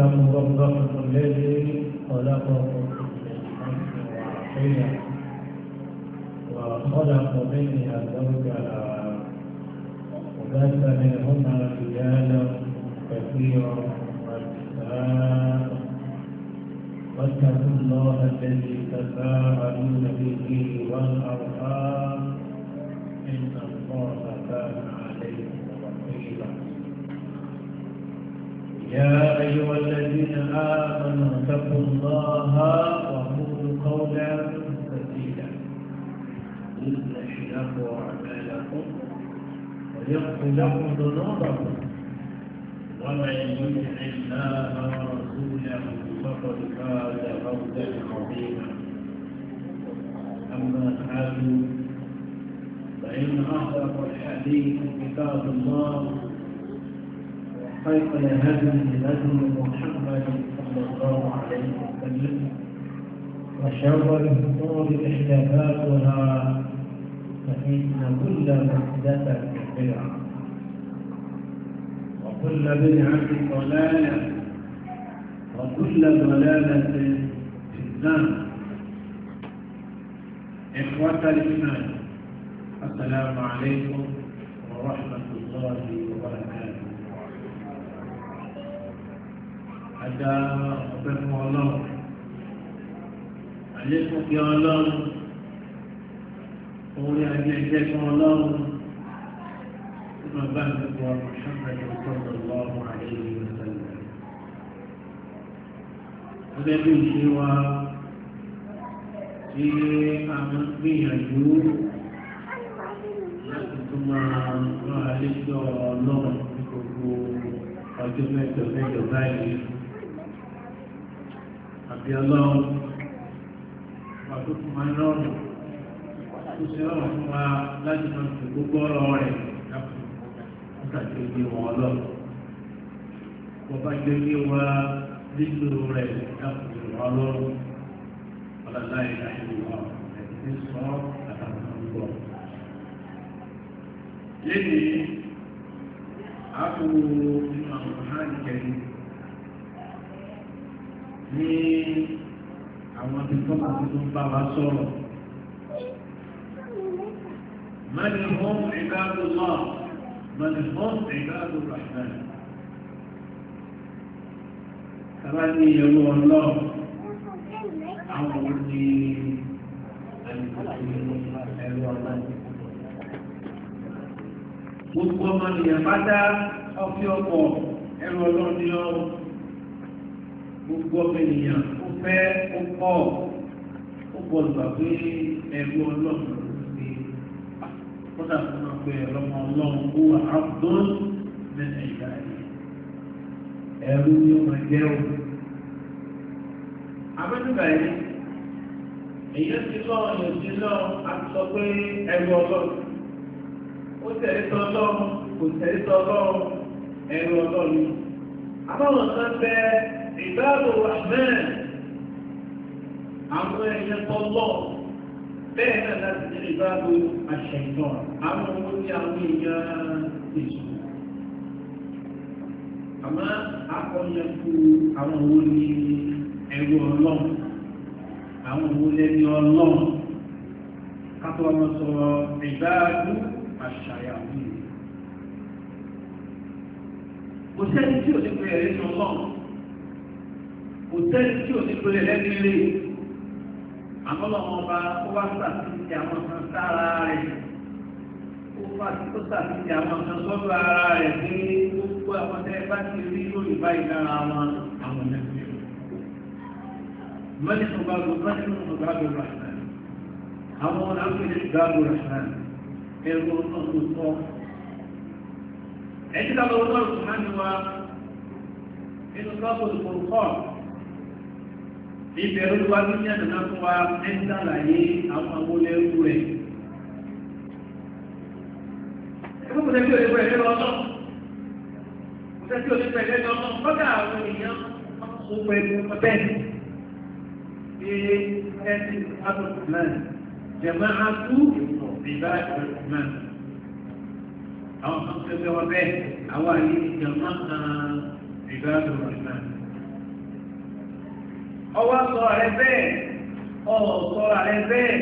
اتقوا ربكم الذي خلقكم من وخلق منها زوجها وبث منهما رجالا كثيرا ونساء واتقوا الله الذي تساءلون به والارحام ان الله كان عليكم رقيبا يا أيها الذين آمنوا اتقوا الله وقولوا قولا سديدا إن شئناه أعمالكم ويغفر لكم ذنوبكم ومن يطع الله ورسوله فقد فاز فوزا عظيما أما بعد فإن أصدق الحديث كتاب الله فيقل هذا الهدي محمد صلى الله عليه وسلم وشر الامور محدثاتها فان كل محدثه بدعه وكل بدعه ضلاله وكل ضلاله في النار إخوة الإيمان السلام عليكم ورحمة الله وبركاته àdá ọ̀pẹ́ fún ọlọ́run àlékún fi ọlọ́run orí ajé ẹgbẹ́ fún ọlọ́run tí wọ́n bá ń gbogbo ọmọ ṣọ́kàtà ìtọ́jú ọlọ́run àlejò ìrẹsẹ̀lẹ̀. gẹ́gẹ́ bí ìṣe wa tí a máa ń gbìyànjú láti tún máa rán àlejò ọlọ́run ní gbogbo ọjọ́ mẹ́jọ mẹ́jọ báyìí. àti ọlọ́run wà tó fún wa lọ́rùn tó ṣe ọ̀rọ̀ fún wa láti máa fi gbogbo ọ̀rọ̀ rẹ̀ dákun látàkì ojú wọn ọlọ́run wọ́n jẹ́ kí wa nílò rẹ̀ dákun ìwà ọlọ́run ọ̀làlá ìdáhìlì wa ẹ̀sìn tí sọ àtàkùn ọ̀gbọ̀n. lẹ́yìn àpò nínú àwọn ọ̀hán ìkẹyìn. ní àwọn tí tó máa tó bá wa sọ̀rọ̀. Mẹ́ni fún ìgbàgbọ́ náà, mẹ́ni fún ìgbàgbọ́ Rahman. Tàbá ní ẹ̀rọ ọlọ́ọ̀, àwọn òun ni ẹ̀rọ ọlọ́ọ̀. Gbogbo ọmọ nìyẹn bá dá ọfí ọkọ̀ ẹ̀rọ ọlọ́ọ̀ ní ọ̀rọ̀. gbogbo ọmọ ènìyàn ó fẹ́ ó pọ̀ ó pọ̀ lùgbà pé ẹgbẹ́ ọlọ́run ti kọ́dà tó máa pẹ́ ọlọ́mọ ọlọ́run ó wà áwùdọ́n mẹ́ta ìgbà yìí ẹ̀rú ni ó máa jẹ́ òun. abẹ́nugà yìí èyí ti lọ a sọ pé ọlọ́run ó tẹ̀lé tọ́ kò tẹ̀lé tọ́ ọlọ́run. ìbáàbò rahman àwọn ẹ̀yẹn tọ́lọ́ bẹ́ẹ̀ náà láti ní ìbáàbò àṣẹ̀tọ̀ àwọn owó tí àwọn èèyàn èso àmọ́ akọ́yẹ fún àwọn owó ní ẹ̀rọ ọlọ́run àwọn owó lẹ́ni ọlọ́run kátó ọmọ sọ ìbáàbò àṣàyàwó kò sẹ́ni tí ò ní pé ẹ̀rí ọlọ́run kò sẹ́ni tí ò ní pèlè lẹ́nu ilé àmọ́ lọ́wọ́ ọba ó wá sàtìsí àwọn kan sára rẹ̀ ó wá tó sàtìsí àwọn kan sọ́dọ̀ ara rẹ̀ pé gbogbo àwọn tẹ́ bá ti rí lórí báyìí lára wọn àwọn ẹ̀kọ́ mọ́ni tó bá lọ mọ́ni tó bá lọ rà àwọn ọ̀nà àpèjì gbà lọ rà ẹ̀rọ náà tó sọ ẹ̀jẹ̀ lọ́wọ́ lọ́rùn tó máa ń wá nínú lọ́wọ́ ìfowópamọ́ ìbẹ̀rù wa tó jẹ́ nàná fún wa ẹ̀ńtà láyé àwọn awolẹ́rú rẹ̀. ẹgbẹ́ kò tẹ́tí òdìbò ẹ̀dẹ́ lọ́nà kò tẹ́tí òdìbò ẹ̀dẹ́ lọ́nà kọ́dà àwọn èèyàn kó pẹ̀lú bẹ́ẹ̀ ṣe ẹ̀sìn abdulman jẹ̀mọ́ atú ìbá ìbá àwọn kan tẹ́tí wọn bẹ́ẹ̀ àwọn àyè jẹ̀mọ́ kan ìbá ìbá ọwọ́ sọ rẹ bẹ́ẹ̀ ọ̀ọ́ sọ rẹ bẹ́ẹ̀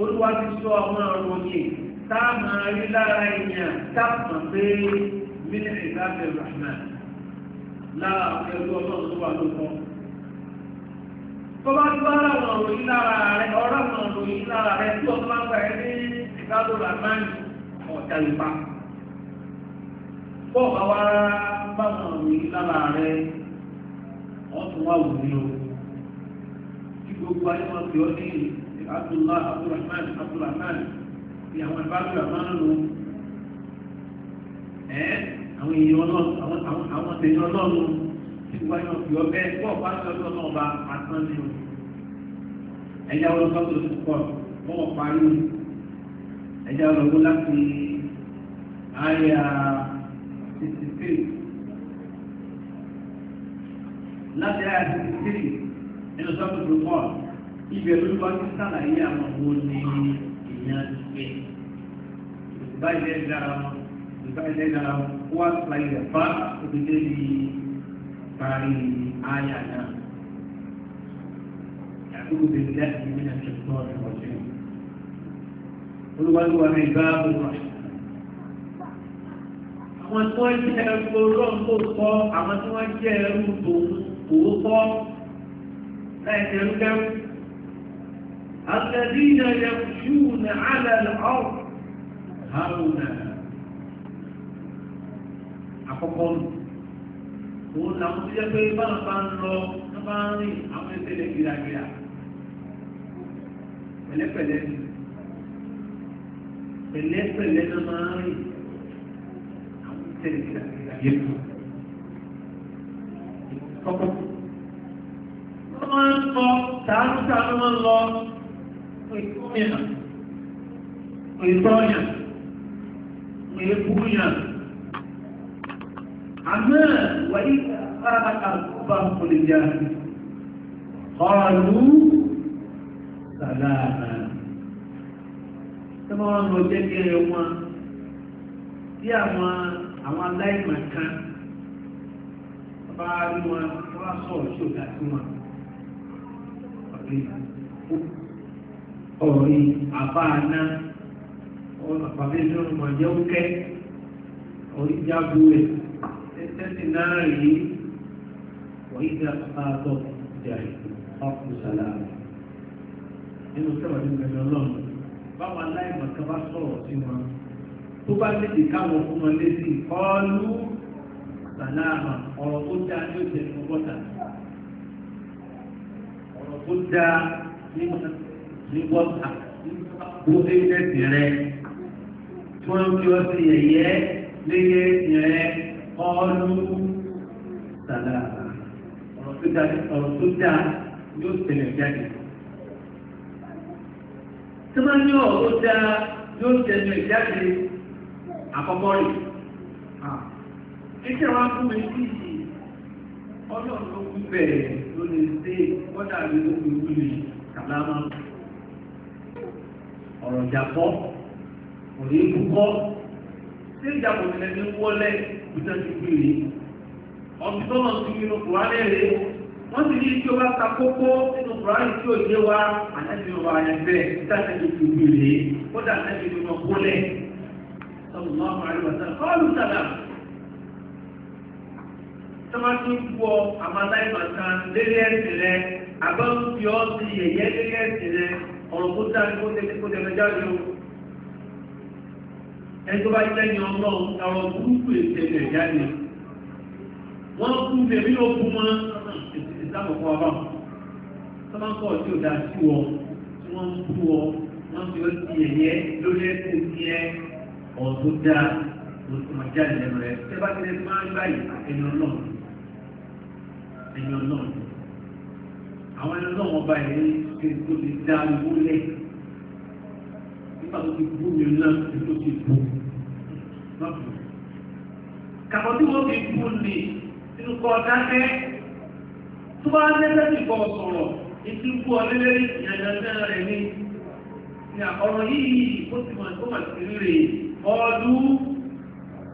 olúwa ti sọ àwọn àròyìn tá a máa rí lára èèyàn pé mílíọ̀nù lára ọlọ́run tó wà lóko. Tọ́lá tó bá láwọn òròyìn lára rẹ̀ ọ̀rọ̀ àwọn lára rẹ̀ tí ọ̀tọ́ máa ń gbà ẹ́ ní ìdábẹ̀ rahman ọ̀dà ìpa. Bọ́ọ̀ bá wá bá àwọn lára ọ̀tún wà wò gbogbo ayé wọn fi ọ ní abdullah abdulrahman abdulrahman fi àwọn ìbáraẹ̀lá máa ń lò ẹ́ àwọn èèyàn ọlọ́run àwọn àwọn tèèyàn ọlọ́run tí gbogbo ayé wọn fi ọ bẹ́ẹ̀ pọ̀ bá ti ọjọ́ náà bá àtàn ní o ẹ̀yà ọlọ́sọ́ tó ti pọ̀ wọ́n wọ̀ parí ẹ̀yà ọlọ́wọ́ láti àyà sixty three láti àyà sixty three nínú sábàtò pọ̀ ibi ẹ̀lú bá ti sàlàyé àwọn owó ní ìyẹn pé ìgbà ilẹ̀ dára wọn ìgbà ilẹ̀ dára wọn wá sàlàyé rẹ̀ bá òdìdé ní parí àyà náà yàtúkù bèbí láti ní ìyẹn ṣe pọ̀ ọ̀sẹ̀ olúwàlúwà ní ìgbà àbúrò àwọn tí wọ́n jẹ́ ẹrú ọlọ́run tó kọ́ àwọn tí wọ́n jẹ́ ẹrú tòun kọ́. آخر كم الذين يمشون على الأرض هرونا أقول قول لهم يا بيبان بانلو نباني أمي تلي كلا كلا بلي بلي بلي بلي نباني أمي تلي كلا كلا يبو lọ tààrùtààrù máa ń lọ ìkúnyà ìtọ́yà ìkúnyà àmì wàyí àràbàtà àkóbá olùjà ọ̀rọ̀ sàdáàmà tí wọ́n lọ jẹ́ kí ẹ wọn tí àwọn ọ̀rí àbáàná ọ̀pàdé lọ́rùn mọ̀jẹ́ òkẹ́ orí jágbó rẹ̀ tẹ́tẹ́tì náà rí wọ́n ìdá àtọ́ jàì ọkùnrin sàlámù nínú sẹ́wọ̀n ní ìgbẹ̀mí ọlọ́run báwọn aláìmọ̀ kan bá sọ̀rọ̀ sí wọn tó bá lédè káwọn fún wọn létí ọlú sàlámù ọ̀rọ̀ tó dáa ní òjò ìfọwọ́ta بد لوضع بوئي نتيري تون يوسيي ليتيري قالوا سلاما ọ̀rọ̀ tó dáa yóò tẹ̀lé jáde tí wọ́n ní ọ̀rọ̀ tó dáa yóò tẹ̀lé jáde àkọ́kọ́ rẹ̀ títí àwọn akúmọ̀ ìdíje ọlọ́run ló kú bẹ̀rẹ̀ ló lè ṣe kọ́dà lè ló kú kú lè kàlámà ọ̀rọ̀ jàpọ̀ òní kúkọ́ ṣé ìjàpọ̀ tilẹ̀ ní wọlé ìjọ ti kú yìí ọ̀bí tó náà ti kú inú kùránì rẹ̀ wọ́n ti ní tí o bá ta kókó nínú kùránì tí o yé wa àtẹ́bí o wà yẹn bẹ́ẹ̀ nígbà tí o ti kú yìí kódà àtẹ́bí o náà kólẹ̀ sọ́dún máa ń parí wọ́n sẹ́yìn kọ́ọ̀lù sàlámù tọ́mátì ń bu ọ àmàláìmọ̀kan lórí ẹ̀sìn rẹ àbá ń fi ọ́ sí yẹ̀yẹ́ lórí ẹ̀sìn rẹ ọ̀rọ̀ kó dáa ní kó tẹ́tí kó tẹ́tí jáde o. ẹjọ́ bá jẹ́ ní ọlọ́run ọ̀rọ̀ burúkú ètè rẹ̀ jáde. wọ́n kú bèbí ló kú mọ́ ètùtù sábọ̀kọ́ wa bá wọn. tọ́mátì ọ̀tí ò dáa sí wọ tí wọ́n ń bú ọ wọ́n fi ọ́ sí yẹ̀yẹ́ lórí ẹ̀sìn rẹ ọ̀rọ̀ tó dáa ló tó máa jáde lẹ́nu rẹ̀ tẹ́ bá tẹ́lẹ̀ máa ń báyìí àtẹnu ọlọ́run ẹ̀yìn ọlọ́run àwọn ẹni ọlọ́run ọba ẹ̀rí ṣe tó ti dá owó lẹ̀ nígbà tó ti bú mi náà ṣe tó ti bú kàwọn tí wọ́n fi bú ni nínú kọ́ dákẹ́ tó bá lẹ́sẹ̀ tí kò sọ̀rọ̀ ìtú bú ọ lélẹ́rí ìyànjẹ́ rẹ̀ ní ní ọ̀rọ̀ yìí ó ti mọ̀ tó mọ̀ sí rèé ọdún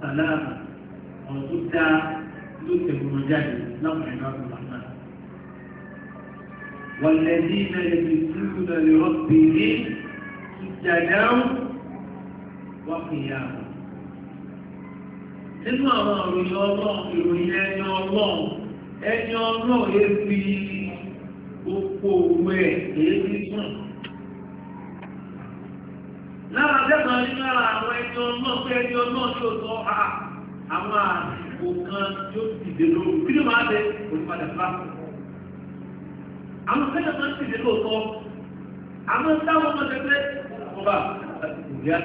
sàlámù ọ̀dún dá ló tẹ̀gbọ̀n jáde láwọn ẹ̀dá kan. والذين يبتون لربهم سجدا وقياما nínú àwọn ìròyìn ọlọ́run ìròyìn ẹni ọlọ́run ẹni ọlọ́run ebi oko òwe èébí sùn. lára dẹ́gbà nínú ara àwọn ẹni ọlọ́run pé ẹni ọlọ́run yóò sọ ha ah, àwọn àsìkò kan yóò dìde lóru kí ló máa bẹ òun padà bá àwọn kẹ́lẹ̀ máa ń sì lè lóòótọ́ àwọn táwọn ọmọ tẹ́lẹ̀ ọba ìyá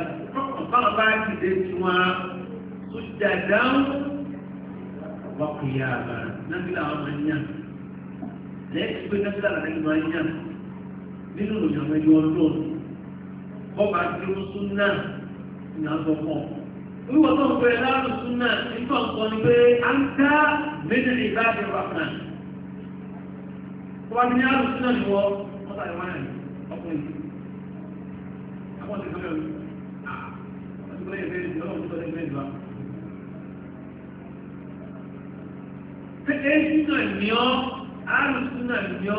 ọ̀páwọn bá dìde tí wọ́n tó dàdá wọ́n kò yá àbá nábìlà àwọn máa ń yàn lẹ́yìn pé nábìlà àwọn máa ń yàn nínú ìyàwó ẹyọ ọdún ọba tí ó sún náà ní àgbọ̀kọ̀ wíwọ́n tó ń pè é láàrú sún náà nígbà kan ni pé à ń dá méjìlélá wà náà tó bá ní ní àrùn sínú ìwọ ọ̀tàlẹ̀ wáyà ní ọkùnrin àwọn ti gbọ́dọ̀ àwọn ah, ti gbọ́dọ̀ ìbéèrè ìjọba òun gbọ́dọ̀ ìbéèrè ìjọba. pé èyí náà ní ọ àrùn sínú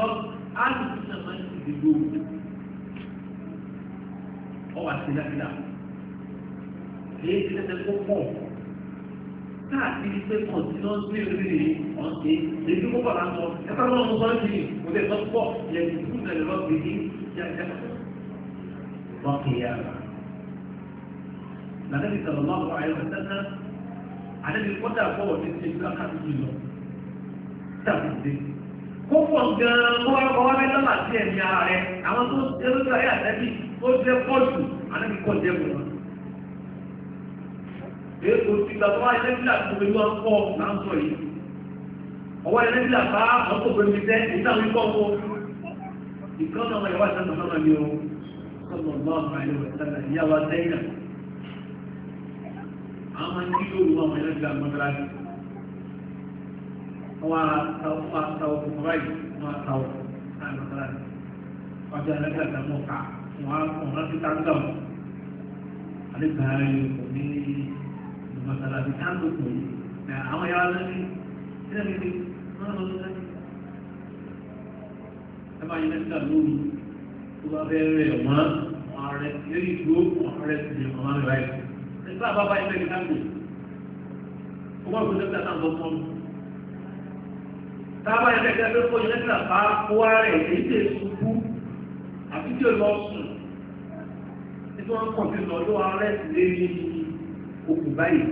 káàkiri pé kọ̀ǹtínọ́sì rírì ọ̀sẹ̀ èyí kó bọ̀lá sọ ẹ̀ka lọ́wọ́ mo sọ́ọ́ yìí mo lè sọ pọ̀ yẹn kí fún ìrẹ̀lẹ̀ lọ́ọ́ gbé ní jẹjẹ. Bọ́ọ̀kì yà rà. Nàdẹ́bí sọ̀rọ̀ máa wọ àyẹ̀wò sẹ́nà. Àdẹ́bí kọ́dà bọ́ọ̀ ní ti ìlú akáàtì jù lọ. Tàbí dé. Kó pọ̀ gan-an kó wá kọ́ wá bẹ́ẹ̀ lọ́la sí ẹ̀mí ara rẹ̀. Àwọn tó ṣe lójú ayé àtẹ́bí ó jẹ́ pọ́ọ̀jù èkó síta tó wáyé lẹ́bílà tó pẹ̀lú ọkọ̀ náà sọ yìí ọwọ́ lẹ́bílà bá ọkọ̀ pẹ̀lú iṣẹ́ ìdáwọn ikọ̀ ọkọ̀ ìkan náà yẹ wá sí ọ̀nà náà ni ó sọ̀rọ̀ náà máa yẹ wọ̀ sẹ́lẹ̀ ní àwọn sẹ́yìn àwọn máa ń kí lóru àwọn ẹlẹ́bílà mọ́tàlá Masalah káńtó kù nah yàrá lórí sílẹ̀ mi ti wọ́n lọ sí lẹ́yìn. ẹ máa yẹ lẹ́sítà lóru tó bá fẹ́ rẹ̀ wọ́n ọ̀rẹ́ lórí ìdúró ọ̀rẹ́ ti di ọ̀rẹ́ rẹ̀ báyìí. nígbà bá bá ẹgbẹ́ mi káńtó ó wọ́n kó lẹ́sítà náà lọ́kọ́ mi. táwa ẹgbẹ́ kẹ́kẹ́ kó yẹ lẹ́sítà bá kó wá rẹ̀ èyí tẹ̀ ṣubú àbí tí ò lọ sùn. nítorí òkú báyìí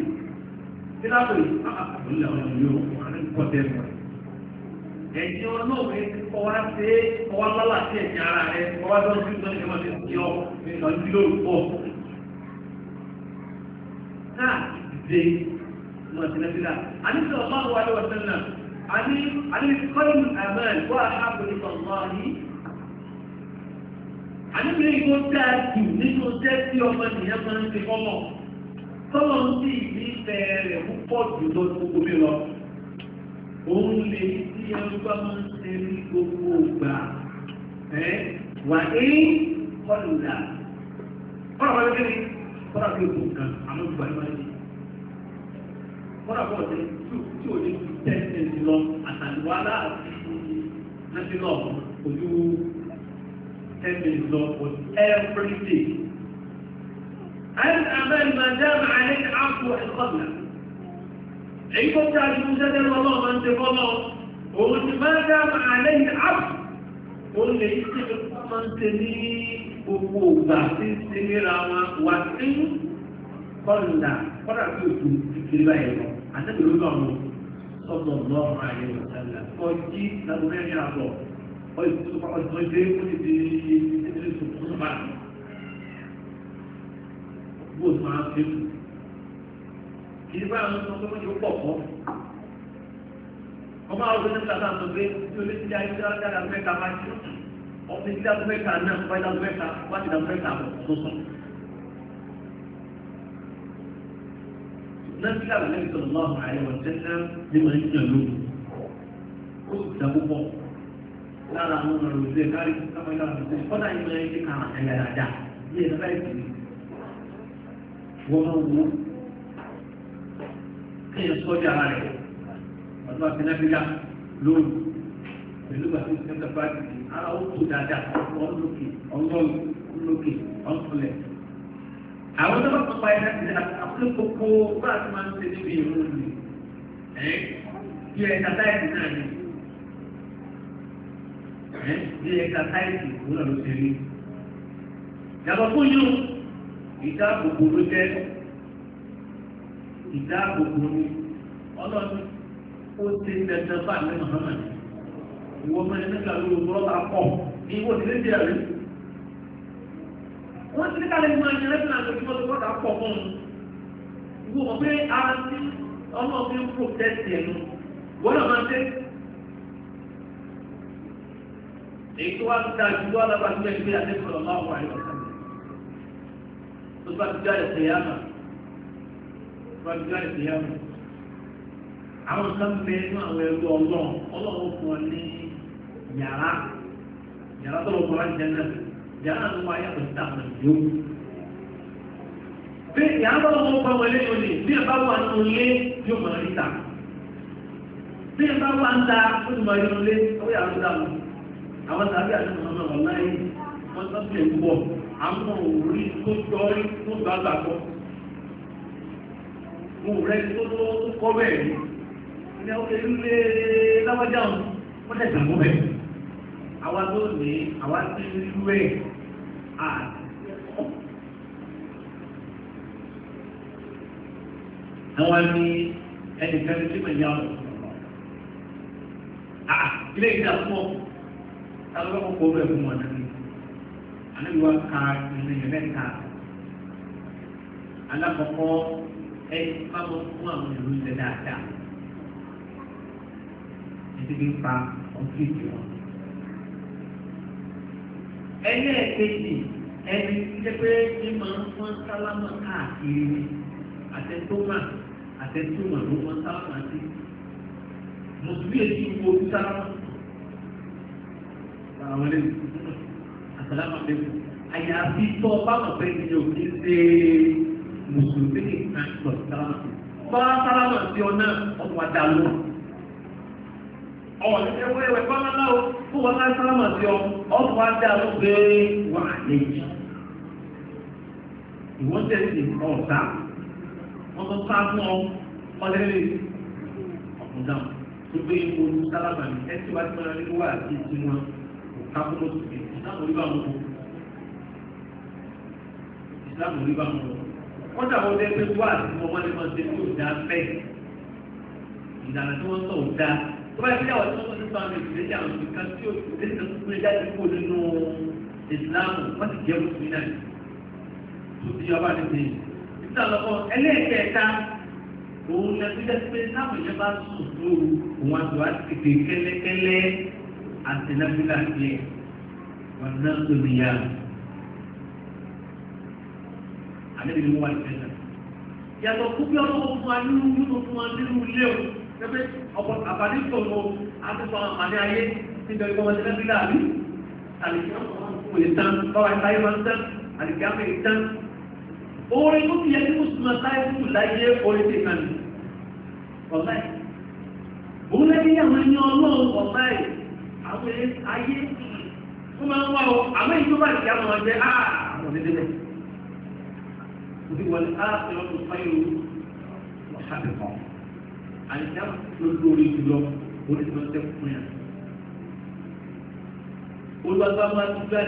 tí lábòrè àkàkùnlé àwọn ìlú òkú àti kọ́tẹ́ mọ́ ẹ̀ ẹ̀jẹ̀ ọlọ́ọ̀rẹ́ ọwá ṣe ọwá lọ́la sí ẹ̀jẹ̀ ara rẹ ọwá lọ́sí lọ́sí ẹ̀jẹ̀ ọmọdé ti ọ nípa ìdílé òkú náà ìdè lọ́sílẹ́sílà àníṣe ọ̀pá wa lọ́wọ́ sẹ́lẹ̀ àní àníṣe kọ́lù àmẹ́l wà á bẹ̀rẹ̀ sọ̀rọ̀ àníṣe ìgbó dáa jù nínú jẹ́ sí ọmọ nìyẹn máa ń ti tọ́lọ̀ ń sì ní bẹ̀rẹ̀ púpọ̀ jù lọ gbogbo mi lọ. Òun lè tí ẹni bá máa ń ṣe ní gbogbo ìgbà. Wà ní kọlùdà. Kọ́lá wọlé kí ni? Kọ́lá fi òkú kan, àmọ́ ìgbà ni wọ́n ti. Kọ́lá bọ̀ ṣe tí ò ní fi tẹ́sítẹ́sì lọ àtàlùwà láàbí láti lọ ojú tẹ́sítẹ́sì lọ for every day. هل الأمل ما دام عليك عفو وحفظنا عيبا بتاع المزاد الله ما انت والله وقلت ما دام عليك عفو قل قلنا يكتب ما انت ليه وقوبة تستمر وقتين قلنا قرأ كتب في البيضة عندما يقول صلى الله عليه وسلم قل جي لو يا يعرفه قل سبحانه وتعالى قل لي قلت لي قلت bó o máa ń ṣe kù kì í báyọ̀ lọ́sọ̀ tó mọ̀jọ́ pọ̀ pọ̀ ọmọ àwọn ọdún nípa náà tó gbé tí o lè ti ayé tí wọ́n dára mẹ́ta máa ṣe ọmọ ìdílé àti mẹ́ta náà wọ́n dára mẹ́ta wọ́n ti dára mẹ́ta bọ̀ tó sọ. nọ́ọ̀sìlá rẹ̀ lẹ́yìn sọ̀rọ̀ lọ́wọ́ àyẹ̀wò tẹ́lẹ̀ ní màá ń jẹun lóko ó sì dá púpọ̀ lára àwọn ọmọ rẹ̀ lè kárí káfíńtà rẹ̀ kọ́dà yìí máa ń ṣe kàrà ẹ̀yà dáadáa bí ẹ̀ wọ́n mú wú kéèyàn sọ́jà ara rẹ̀ ọdún àfẹnáfíà lóòrù pẹ̀lú àti ìṣẹ́kẹ̀ bá ti di ara ó tó dáadáa ọ̀n lókè ọ̀n lọ́rù ọ̀n lókè ọ̀n tọ́lẹ̀. àwọn tó bá tó pa ẹ̀dá ti dá àkókò kókó bá a ti máa ń ṣe níbi ìrún mi ẹ̀ bí ẹ̀ka táìsì náà ni ẹ̀ ẹ̀ka táìsì òun náà ló ṣe yàtọ̀ fún yóò. ìdáàbòbò ló jẹ́ ìdáàbòbò ni ọlọ́ni ó ti dandan bá ní Muhammad ìwọ mẹ́rin nígbà lórí rọ́bà pọ̀ ní ìwọ ti lédè rẹ̀ wọ́n ti níkàlẹ̀ ìmọ̀ ẹni lẹ́sìn àti ìwọ ti rọ́bà pọ̀ ìwọ ara ti ń ẹ̀ nù wọ́n náà máa èyí tó wá ọ̀sán tó bá ti jáde tèyàmà tó bá ti jáde tèyàmà àwọn kan bẹ inú àwọn ẹrú ọlọ́run ọlọ́run fún ọ ní yàrá yàrá tó lọ kọ́ra jẹ náà yàrá tó wáyé àpò títà àpò ìjó. bí yàrá tó lọ kọ́ wọlé yóò lè bí ẹ bá wà nínú ilé yóò mọ̀ ní ta bí ẹ bá wà ń ta ó ti mọ̀ nínú ilé ó yàrá tó dà mọ́ àwọn tàbí àti mọ̀ọ́mọ́ wọn láyé wọ́n tó gbọ́ àwọn òórí tó jọrí tó gbàgbà kọ́ mo rẹ tó tó tó kọ́ bẹ́ẹ̀ ni ilé ọkẹ́ ilé láwájá wọn wọ́n tẹ̀sí àmọ́ bẹ́ẹ̀ àwa tó ní àwa ti rú ẹ̀ àti àwọn ní ẹnìkan tí mo yà ọ́ ilé ìdá fún ọ alọ́kọ̀ọ́ bẹ́ẹ̀ fún wọn náà ànábìwá ka ìrìn ìrìn mẹ́ta alákọ̀ọ́kọ́ ẹ kábọ̀ fún àwọn ìlú ilẹ̀ dáadáa ẹtí bí ń pa ọtí ìjọ ẹlẹ́ẹ̀kejì ẹni jẹ́ pé ní máa ń fọ́n sálámà káàkiri ni àtẹ̀tọ́mà àtẹ̀tọ́mà ló fọ́n sálámà sí mùsùlùmí èyí wo sálámà àwọn ẹlẹ́yìn àtàlámàlẹ́kùn àyàfi tó ọba ọ̀fẹ́ ni o kì í ṣe mùsùlùmí ní ìtàkùn àtàlámàlẹ́kùn. bọ́lá sálámà sí ọ náà ọmọ adá lọ. ọ̀ ẹ̀wẹ̀ ẹ̀wẹ̀ bọ́lá náà fún bọ́lá sálámà sí ọ ọmọ adá lọ pé wà á lè kakúrò ìsìláàmù rí bá mú ìsìláàmù rí bá mú wọ́n dà wọ́n lẹ́gbẹ́ wá àti ọmọ ní wọ́n ṣe yóò dá bẹ́ẹ̀ ìlànà tí wọ́n sọ ò dá tó bá yẹ kí àwọn tí wọ́n sọ nípa àwọn ìdílé jà àwọn ìka tí ó ti tẹ̀sán tó kúrẹ́ jáde kó nínú ìsìláàmù wọ́n ti jẹ́ òṣèlú náà tó ti yọ abáàdé mi òun lẹ́gbẹ́ jẹ́ pé táwọn ìjọba sùn lóru òun àti wàá ti kékeré kẹ́lẹ́kẹ́lẹ́ àti nàfílà tiẹ̀ wọn náà tó ní yá àlẹ́ mi wà lẹ́sẹ̀. yàtọ̀ kú bí ọmọ fún wa nínú nínú fún wa nínú ilé o pẹ́pẹ́ ọ̀pọ̀ àbálí ìṣòro àtúntò àmàlẹ́ ayé nígbà ìgbà wọn ti nàfílà rí àlìkí àwọn ọmọ fún mi tán báwa ìtayé wọn àlìkí àwọn èyí àwọn ayé wọ́n máa ń wá ah, ah, ọ àmọ́ ìjọ bá ìjà máa jẹ́ á àwọn òdìdí bẹ̀. òdì wọlé á ṣe wọn tó fáyọ ọ̀ṣàbí kan àìsàn ló lórí jùlọ orí tó ń tẹ́ fún yà. olùwàgbà máa ń gbà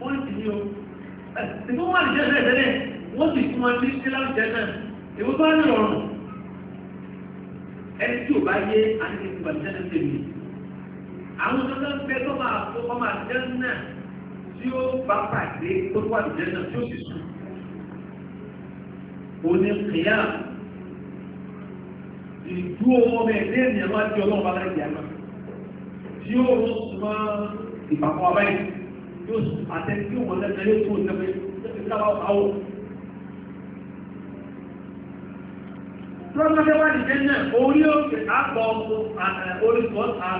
pọ́ǹtì ni o ìfún wọn lè jẹ́ tẹ́lẹ̀ wọ́n sì fún wọn ní sílámù tẹ́lẹ̀ èwo tó wá ní ọ̀rùn ẹni tí ò bá yé àti ìgbàlejò náà tẹ̀lé àwọn tó náà fẹ́ tó máa tó ọmọ àjẹ́ náà tí ó bá pàdé tó wà lè jẹ́ náà yóò àtẹ tí ó wọlé ẹgbẹ́ yóò tó ìjẹ́fẹ́ ìjẹ́fẹ́ sábà àwọ̀. Tọ́lọ́pẹ́ wá ní jẹ́ náà orí òkè àpọ̀ orí